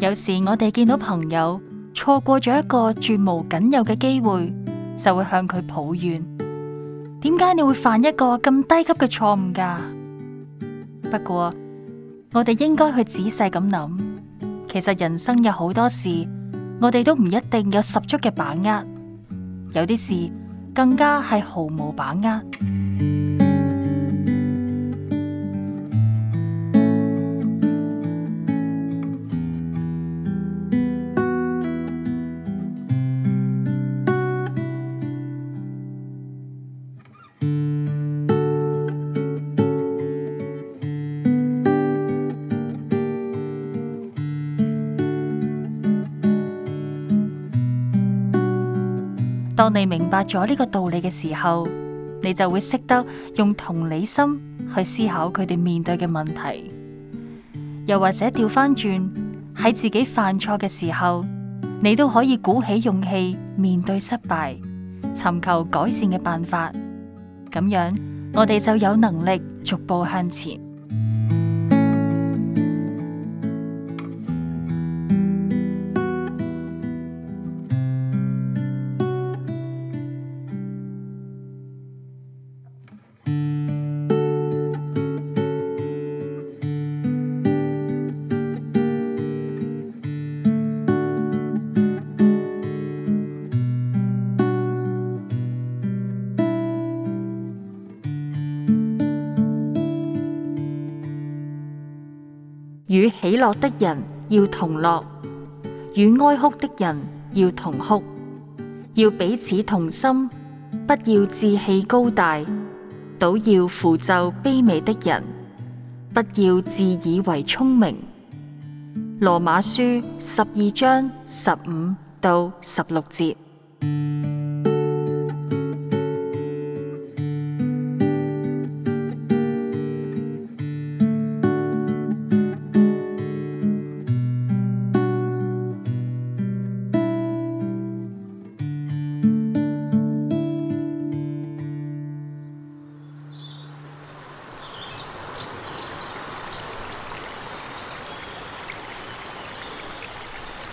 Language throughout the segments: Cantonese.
有時我哋見到朋友錯過咗一個絕無僅有嘅機會，就會向佢抱怨：點解你會犯一個咁低級嘅錯誤㗎？不過我哋應該去仔細咁諗，其實人生有好多事，我哋都唔一定有十足嘅把握，有啲事更加係毫無把握。當你明白咗呢個道理嘅時候，你就會識得用同理心去思考佢哋面對嘅問題，又或者調翻轉喺自己犯錯嘅時候，你都可以鼓起勇氣面對失敗，尋求改善嘅辦法。咁樣，我哋就有能力逐步向前。與喜樂的人要同樂，與哀哭的人要同哭，要彼此同心，不要志氣高大，倒要俯就卑微的人，不要自以為聰明。羅馬書十二章十五到十六節。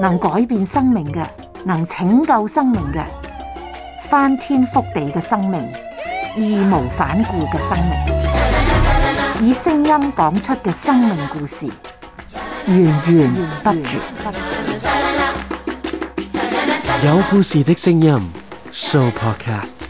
能改變生命嘅，能拯救生命嘅，翻天覆地嘅生命，義無反顧嘅生命，以聲音講出嘅生命故事，源源不絕。有故事的聲音，Show Podcast。